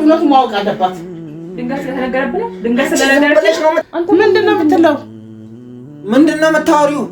እውነቱን ማወቅ አለባት። ድንገት ስለተነገረብህ ድንገት ስለነገረብህ ምንድን ነው የምትለው? ምንድን የምታወሪው?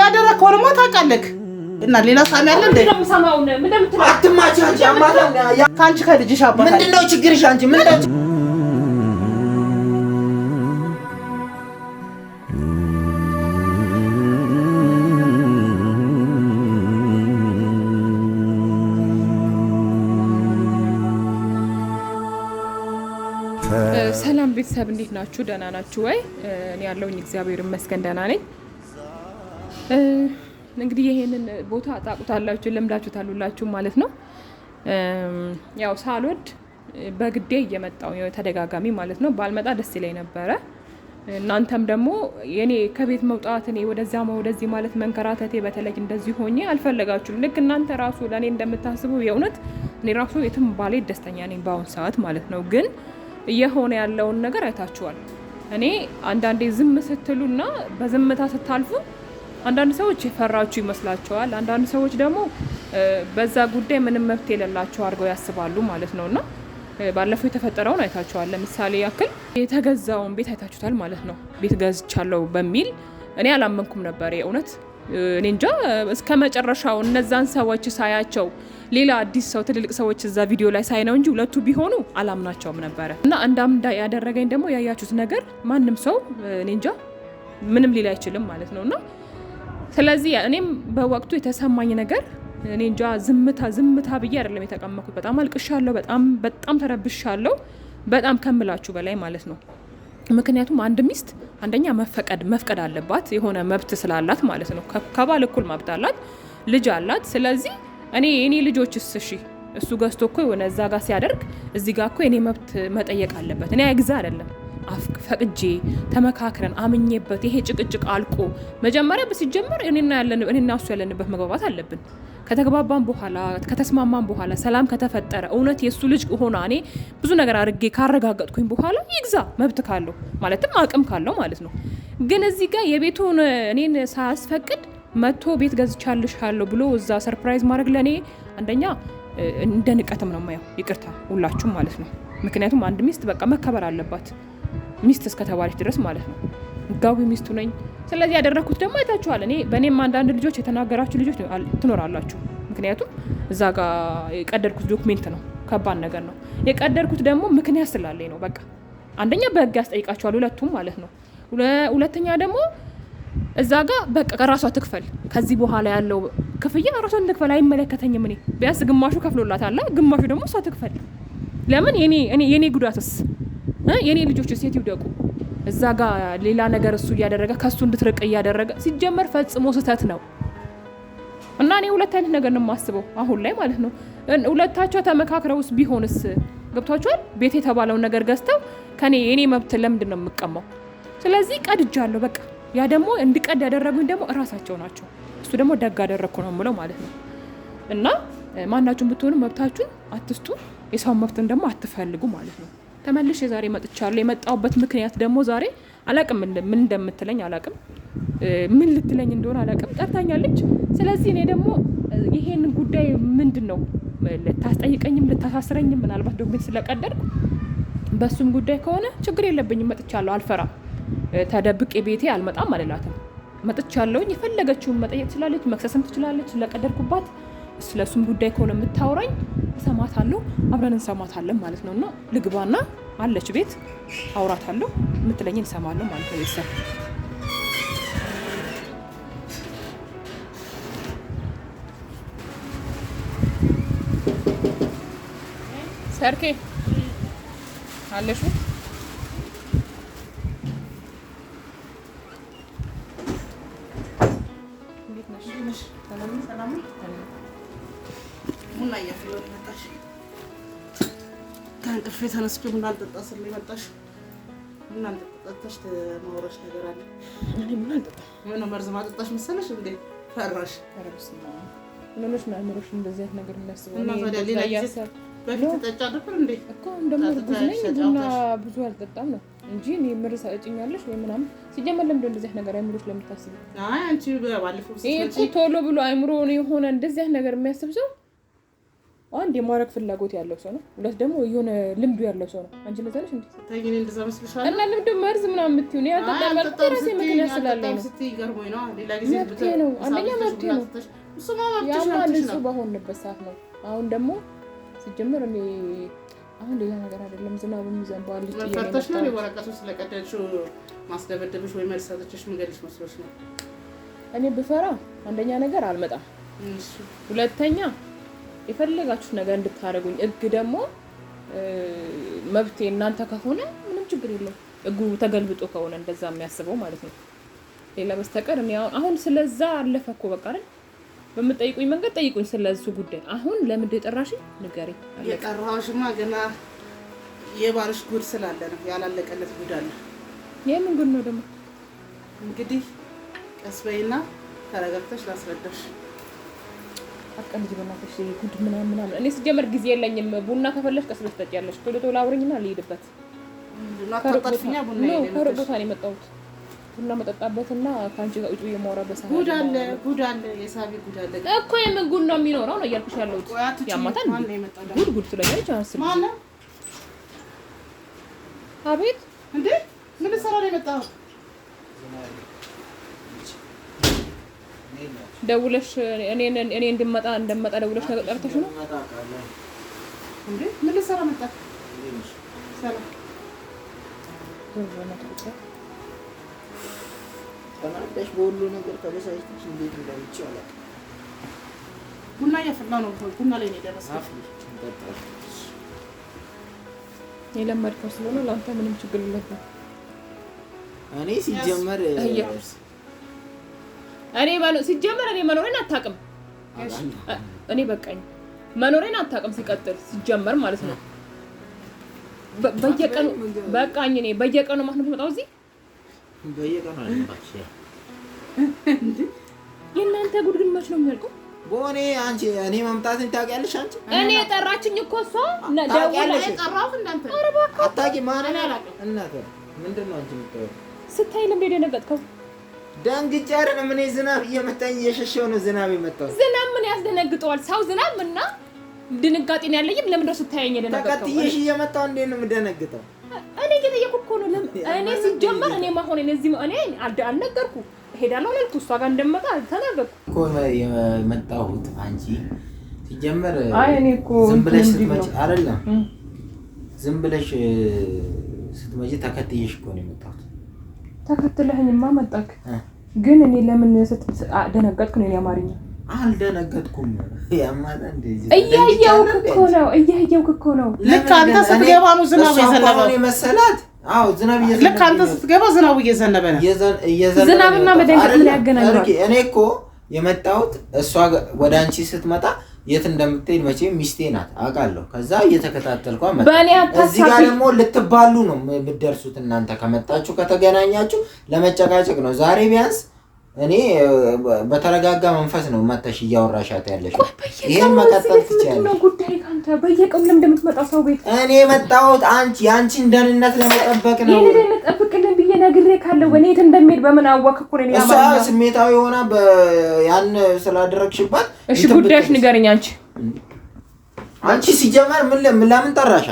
ያደረግከው ደግሞ ታውቃለህ። እና ሌላ ሳሚ አለ እንዴ? አትማቻች። ከአንቺ ከልጅሽ አባት ምንድን ችግርሽ አንቺ? ቤተሰብ እንዴት ናችሁ? ደህና ናችሁ ወይ? እኔ ያለውኝ እግዚአብሔር ይመስገን ደህና ነኝ። እንግዲህ ይሄንን ቦታ ታውቁታላችሁ፣ ለምዳችሁታል ታሉላችሁ ማለት ነው። ያው ሳልወድ በግዴ እየመጣው ተደጋጋሚ ማለት ነው። ባልመጣ ደስ ይለኝ ነበረ። እናንተም ደግሞ የኔ ከቤት መውጣት እኔ ወደዛ ወደዚህ ማለት መንከራተቴ በተለይ እንደዚህ ሆኜ አልፈለጋችሁም። ልክ እናንተ ራሱ ለእኔ እንደምታስቡ የእውነት እኔ ራሱ የትም ባሌ ደስተኛ ነኝ በአሁን ሰዓት ማለት ነው ግን እየሆነ ያለውን ነገር አይታችኋል። እኔ አንዳንዴ ዝም ስትሉና በዝምታ ስታልፉ አንዳንድ ሰዎች የፈራችሁ ይመስላቸዋል። አንዳንድ ሰዎች ደግሞ በዛ ጉዳይ ምንም መብት የሌላቸው አድርገው ያስባሉ ማለት ነው እና ባለፈው የተፈጠረውን አይታችኋል። ለምሳሌ ያክል የተገዛውን ቤት አይታችሁታል ማለት ነው። ቤት ገዝቻለሁ በሚል እኔ አላመንኩም ነበር የእውነት እኔ እንጃ እስከ መጨረሻው እነዛን ሰዎች ሳያቸው ሌላ አዲስ ሰው ትልልቅ ሰዎች እዛ ቪዲዮ ላይ ሳይ ነው እንጂ ሁለቱ ቢሆኑ አላምናቸውም ነበረ። እና እንዳምዳ ያደረገኝ ደግሞ ያያችሁት ነገር ማንም ሰው እኔ እንጃ ምንም ሊል አይችልም ማለት ነው። እና ስለዚህ እኔም በወቅቱ የተሰማኝ ነገር እኔ እንጃ ዝምታ ዝምታ ብዬ አይደለም የተቀመኩት። በጣም አልቅሻለሁ። በጣም በጣም ተረብሻለሁ። በጣም ከምላችሁ በላይ ማለት ነው። ምክንያቱም አንድ ሚስት አንደኛ መፈቀድ መፍቀድ አለባት የሆነ መብት ስላላት ማለት ነው። ከባል እኩል መብት አላት፣ ልጅ አላት። ስለዚህ እኔ የኔ ልጆችስ እሺ እሱ ገዝቶ እኮ የሆነ እዛ ጋር ሲያደርግ እዚህ ጋር እኮ የኔ መብት መጠየቅ አለበት። እኔ አይግዛ አይደለም ፈቅጄ ተመካክረን አምኜበት ይሄ ጭቅጭቅ አልቆ መጀመሪያ በሲጀመር እኔና እሱ ያለንበት መግባባት አለብን። ከተግባባን በኋላ ከተስማማን በኋላ ሰላም ከተፈጠረ እውነት የእሱ ልጅ ሆና እኔ ብዙ ነገር አድርጌ ካረጋገጥኩኝ በኋላ ይግዛ መብት ካለው ማለትም አቅም ካለው ማለት ነው። ግን እዚህ ጋር የቤቱን እኔን ሳያስፈቅድ መጥቶ ቤት ገዝቻልሻለሁ ብሎ እዛ ሰርፕራይዝ ማድረግ ለእኔ አንደኛ እንደ ንቀትም ነው የማየው። ይቅርታ ሁላችሁም ማለት ነው። ምክንያቱም አንድ ሚስት በቃ መከበር አለባት ሚስት እስከተባለች ድረስ ማለት ነው። ህጋዊ ሚስቱ ነኝ ስለዚህ ያደረግኩት ደግሞ አይታችኋል። እኔ በእኔም አንዳንድ ልጆች የተናገራችሁ ልጆች ትኖራላችሁ። ምክንያቱም እዛ ጋር የቀደድኩት ዶክሜንት ነው፣ ከባድ ነገር ነው። የቀደድኩት ደግሞ ምክንያት ስላለኝ ነው። በቃ አንደኛ በህግ ያስጠይቃችኋል፣ ሁለቱም ማለት ነው። ሁለተኛ ደግሞ እዛ ጋ በቃ ራሷ ትክፈል። ከዚህ በኋላ ያለው ክፍያ ራሷን ትክፈል፣ አይመለከተኝም። እኔ ቢያንስ ግማሹ አለ፣ ግማሹ ደግሞ እሷ ትክፈል። ለምን የኔ ጉዳትስ የኔ ልጆች ሴት ይውደቁ? እዛ ጋር ሌላ ነገር እሱ እያደረገ ከሱ እንድትርቅ እያደረገ ሲጀመር ፈጽሞ ስህተት ነው። እና እኔ ሁለት አይነት ነገር ነው የማስበው አሁን ላይ ማለት ነው። ሁለታቸው ተመካክረውስ ቢሆንስ ገብቷቸዋል። ቤት የተባለውን ነገር ገዝተው ከኔ የኔ መብት ለምንድን ነው የምቀማው? ስለዚህ ቀድጃለሁ በቃ። ያ ደግሞ እንድቀድ ያደረጉኝ ደግሞ እራሳቸው ናቸው። እሱ ደግሞ ደግ አደረግኩ ነው የምለው ማለት ነው። እና ማናችሁን ብትሆኑ መብታችሁን አትስጡ፣ የሰውን መብትን ደግሞ አትፈልጉ ማለት ነው። ተመልሼ ዛሬ መጥቻለሁ። የመጣሁበት ምክንያት ደግሞ ዛሬ አላቅም፣ ምን እንደምትለኝ አላቅም፣ ምን ልትለኝ እንደሆነ አላቅም። ጠርታኛለች። ስለዚህ እኔ ደግሞ ይሄን ጉዳይ ምንድን ነው ልታስጠይቀኝም ልታሳስረኝም ምናልባት ዶክሜንት ስለቀደድኩ በሱም ጉዳይ ከሆነ ችግር የለብኝም። መጥቻለሁ፣ አልፈራም። ተደብቄ ቤቴ አልመጣም አልላትም። መጥቻለሁኝ። የፈለገችውን መጠየቅ ትችላለች፣ መክሰስም ትችላለች ስለቀደድኩባት ስለሱም ጉዳይ ከሆነ የምታወራኝ እሰማታለሁ፣ አብረን እንሰማታለን ማለት ነው። እና ልግባና አለች ቤት አውራታለሁ የምትለኝን እሰማለሁ ማለት ነው። ቤተሰብ ሰርኬ አለሽ ከእንቅልፌ ተነስቼ ቡና አልጠጣ ስል መጣሽ። ቡና ማውራሽ ነገር አለ። ምን መርዝ ማጠጣሽ መሰለሽ እንዴ? ፈራሽ ማእምሮሽ እንደዚህ ነገር የሚያስበው እንዴ? እኮ ቡና ብዙ አልጠጣም ነው እንጂ እኔ ምር ሰጭኛለሽ ወይ ምናምን ሲጀመር ለምንድን እንደዚህ ነገር አይምሮሽ ለምታስብ? አይ አንቺ ባለፈው ቶሎ ብሎ አይምሮ የሆነ እንደዚህ ነገር የሚያስብ ሰው አንድ የማድረግ ፍላጎት ያለው ሰው ነው፣ ሁለት ደግሞ የሆነ ልምዱ ያለው ሰው ነው። አንቺ እንደዛ ነሽ እንዴ? ታይኔ እንደዛ መስልሻል። እና ልምዱ መርዝ ምናምን የምትይው ነው ያጣጣል ማለት ተራሴ ምክንያት ስላለኝ ነው። ስትይ ገርሞኝ ነው። ሌላ ጊዜ ብቻ ነው አንደኛ መብቴ ነው። እሱማ መብትሽ ነው። ንጹህ በሆንበት ሰዓት ነው። አሁን ደግሞ ሲጀምር እኔ አሁን ሌላ ነገር አይደለም። ዝናብ የሚዘንባል ልጅ ፈርተሽ ነው ወረቀቱ ስለቀደልሽ ማስደበደብሽ ወይ መልሳቶችሽ ምገልሽ መስሎሽ ነው። እኔ ብፈራ አንደኛ ነገር አልመጣም፣ ሁለተኛ የፈለጋችሁ ነገር እንድታደርጉኝ እግ ደግሞ መብቴ እናንተ ከሆነ ምንም ችግር የለው። እጉ ተገልብጦ ከሆነ እንደዛ የሚያስበው ማለት ነው። ሌላ በስተቀር እኔ አሁን ስለዛ አለፈ እኮ በቃ አይደል? በምጠይቁኝ መንገድ ጠይቁኝ፣ ስለዙ ጉዳይ አሁን ለምንድን የጠራሽ ንገሪኝ። የጠራሽማ ገና የባልሽ ጉድ ስላለ ነው፣ ያላለቀለት ጉድ አለ። የምን ጉድ ነው ደግሞ? እንግዲህ ቀስ በይና ተረጋግተሽ ላስረዳሽ አትቀልጂ በእናትሽ ጉድ ምናምን ምናምን። እኔ ስጀመር ጊዜ የለኝም። ቡና ከፈለሽ ቀስ ብለሽ ትጠጪያለሽ። ቶሎ ቶሎ አውሪኝና ልሂድበት። ከሩቅ ቦታ ነው የመጣሁት። ቡና መጠጣበትና ከአንቺ ጋር ውጪ የማወራበት ሰዓት ጉድ አለ ጉድ አለ የሳቢ ጉድ አለ እኮ። የምን ጉድ ነው የሚኖረው ነው እያልኩሽ ያለሁት። ያማታል። ጉድ ጉድ ትለኛለች። አስብ አቤት እንዴ! ምን ሰራ ነው የመጣሁት ደውለሽ እኔ እንድመጣ እንደመጣ ደውለሽ ነገር ጠርተሽ ነው እንዴ? ምን ልሰራ መጣ? ሰላም ተናደሽ በሁሉ ነገር ተበሳጭተሽ እንዴት እንደምች አላውቅም። ቡና እያፈላ ነው። ቡና ላይ ነው የደረስኩት። የለመድከው ስለሆነ ለአንተ ምንም ችግር የለብህም። እኔ ሲጀመር እኔ ሲጀመር እኔ መኖሬን አታውቅም። እኔ በቃኝ መኖሬን አታውቅም። ሲቀጥል ሲጀመር ማለት ነው በየቀኑ በቃኝ። እኔ በየቀኑ ማለት ነው የምመጣው እዚህ የእናንተ ጉድ ግን መች ነው የሚያልቀው? ቦኔ አንቺ እኔ መምጣትን ታውቂያለሽ? አንቺ እኔ የጠራችኝ እኮ እሷ ታውቂያለሽ። ጠራሁት እንዳንተ አታውቂም። ማን እናት ምንድን ነው አንቺ የምታወሪው? ስታይ ልምድ የደነገጥከው ደንግጬ አይደለም እኔ ዝናብ እየመታኝ እየሸሸው ነው ዝናብ የመጣው። ዝናብ ምን ያስደነግጠዋል ሰው? ዝናብ እና ድንጋጤ ነው ያለኝም። ለምን ደው ስታየኝ የደነገጠው? ተቀጥዬሽ እየመጣው እንዴት ነው የምደነግጠው? እኔ እየጠየኩ እኮ ነው። እኔ ሲጀመር እኔ ማሆን እዚህ እኔ አልነገርኩ ሄዳለሁ ላልኩ እሷ ጋር እንደመጣ ተናገርኩ እኮ የመጣሁት አንቺ ሲጀመር ዝም ብለሽ ስትመጪ አይደለም ዝም ብለሽ ስትመጪ ተከትዬሽ እኮ ነው የመጣሁት ተከትለህኝማ መጣክ። ግን እኔ ለምን ደነገጥኩ ነው? አማርኛ አልደነገጥኩም። እያየው እኮ ነው እያየው እኮ ነው። ልክ አንተ ስትገባ ነው ዝናብ የዘነበው መሰላት። አዎ ዝናብ እየዘነበ ልክ አንተ ስትገባ ዝናቡ እየዘነበ ነው። ዝናብና መደንገጥ ምን ያገናኛል? እኔ እኮ የመጣሁት እሷ ወደ አንቺ ስትመጣ የት እንደምትሄድ መቼም ሚስቴ ናት አውቃለሁ። ከዛ እየተከታተልኳ እዚህ ጋር ደግሞ ልትባሉ ነው የምትደርሱት እናንተ ከመጣችሁ ከተገናኛችሁ ለመጨቃጨቅ ነው። ዛሬ ቢያንስ እኔ በተረጋጋ መንፈስ ነው መተሽ እያወራሻት ያለሽ። ይህን መቀጠል ትችያለሽ። እኔ የመጣሁት አንቺ የአንቺን ደህንነት ለመጠበቅ ነው። ነግሬ ካለው በኔት እንደሚሄድ በምን አወቅ? እኮ ነው እሷ ስሜታዊ የሆነ ያን ስላደረግሽባት። እሺ ጉዳይሽ ንገረኝ። አንቺ አንቺ ሲጀመር ምን ለምን ለምን ጠራሻ?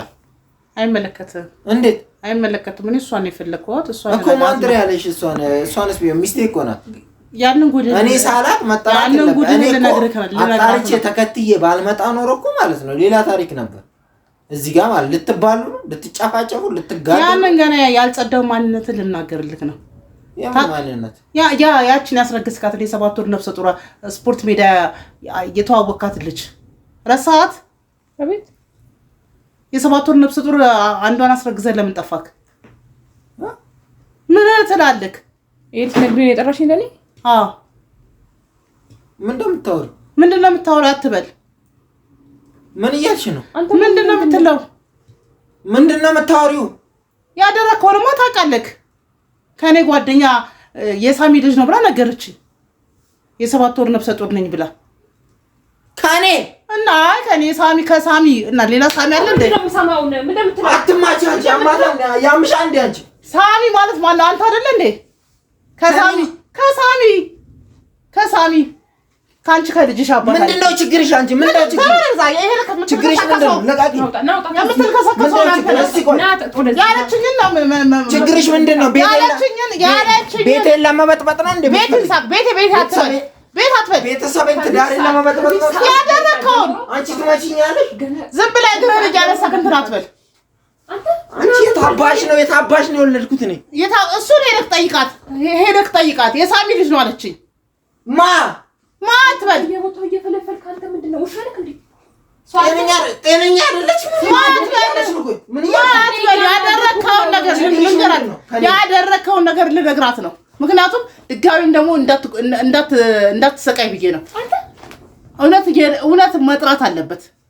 አይመለከትም። እንዴት አይመለከትም? እኔ እሷን ነው የፈለግኳት። እሷ እኮ ማንድር ያለሽ እሷን እሷንስ ቢሆን ሚስቴክ ሆናት። ያንን ጉድ እኔ ሳላት መጣራት ያንን ጉድን ልነግርህ አጣርቼ ተከትዬ ባልመጣ ኖሮ እኮ ማለት ነው ሌላ ታሪክ ነበር። እዚህ ጋር ማለት ልትባሉ ነው፣ ልትጨፋጨፉ፣ ልትጋሩ። ያንን ገና ያልጸዳው ማንነትን ልናገርልክ ነው። ያ ያ ያችን ያስረግዝካት የሰባት ወር ነፍሰ ጡር ስፖርት ሜዳ የተዋወቅካት ልጅ ረሳት። አቤት የሰባት ወር ነፍሰ ጡር አንዷን አስረግዘን ለምን ጠፋክ? ምን ትላልክ? ይሄት ነግሪ የጠራሽ እንደኔ? አዎ ምንድነው የምታወራው? ምንድነው የምታወራው አትበል ምን እያልሽ ነው? ምንድን ነው የምትለው? ምንድን ነው የምታወሪው? ያደረከውንማ ታውቃለህ። ከእኔ ጓደኛ የሳሚ ልጅ ነው ብላ ነገረች። የሰባት ወር ነፍሰ ጡር ነኝ ብላ ከኔ እና ከኔ ሳሚ ከሳሚ እና ሌላ ሳሚ አለ እንዴ? አትማች አንቺ ያምሻ እንዴ? አንቺ ሳሚ ማለት ማነው? አንተ አይደለ እንዴ? ከሳሚ ከሳሚ ከሳሚ ከአንቺ ከልጅሽ አባት ምንድን ነው ችግርሽ? አንቺ ችግርሽ? ችግርሽ ምንድን ነው? ነቃቂ ችግርሽ ቤቴን ለመበጥበጥ ነው እንዴ? ነው አንቺ ዝም አትበል። አንቺ የታባሽ ነው የታባሽ ነው የወለድኩት እኔ። ነው ሄደህ ጠይቃት፣ ሄደህ ጠይቃት። የሳሚ ልጅ ነው አለችኝ ማ ማትበል እየቦታው እየፈለፈልክ አንተ ምንድን ነው ውሻልክ እንዴ? ያደረከውን ነገር ልነግራት ነው። ምክንያቱም ድጋሚም ደግሞ እንዳትሰቃይ ብዬ ነው። እውነት መጥራት አለበት።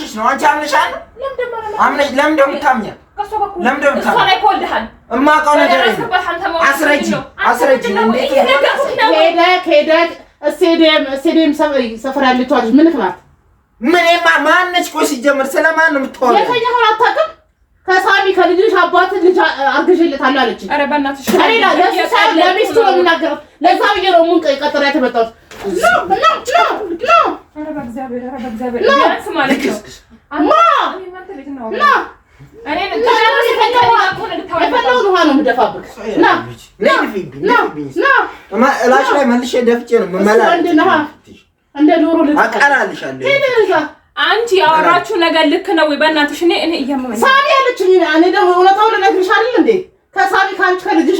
እያልሽሽ ነው። አንቺ አምነሻል። አምነሽ ለምን ደው የምታምኛል? ለምን ደው እማውቀው ነገር አስረጂ ሰፈር ያለችው ምን ማነች? ቆይ ሲጀምር ስለማን ነው የምታወራው? የተኛውን አታውቅም? ከሳሚ ከልጅሽ አባት ልጅ አርግዤለታለሁ አለችኝ። ኧረ በእናትሽ ለሚስቱ ነው የሚናገረው። ለዛ ብዬሽ ነው ሙን የተመጣሁት የፈለውን ውሃ ነው የምደፋብህ። እላሽ ላይ መልሼ ደፍቼ ነው አንቺ ያወራችሁ ነገር ልክ ነው ወይ? በእናትሽ እኔ እኔ እያመመኝ ሳሚ አለችኝ። እኔ ደግሞ እውነታውን ልነግርሽ አይደል እንዴ ከሳሚ ከአንቺ ከልጅሽ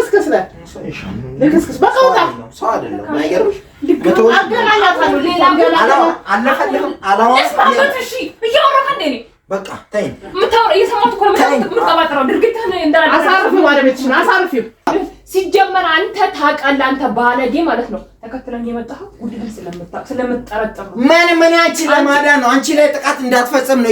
ነህ። ልክስክስ በቃ ውጣ። በቃ ተይኝ። አሳርፊው ባለቤትሽን፣ ሲጀመር አንተ ታውቃለህ፣ አንተ ባለጌ ማለት ነው። ተከትለን የመጣኸው ጉድህን ስለምጠረጠር ነው። ምን ምን አንቺ ለማዳን ነው፣ አንቺ ላይ ጥቃት እንዳትፈጽም ነው።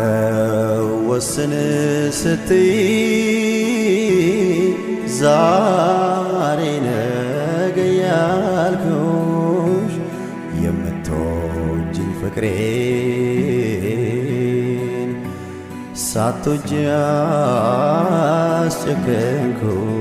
ተወስን ስትይ ዛሬ ነገ ያልኩሽ የምትወጂኝ ፍቅሬን ሳትወጂ አስጨከንኩ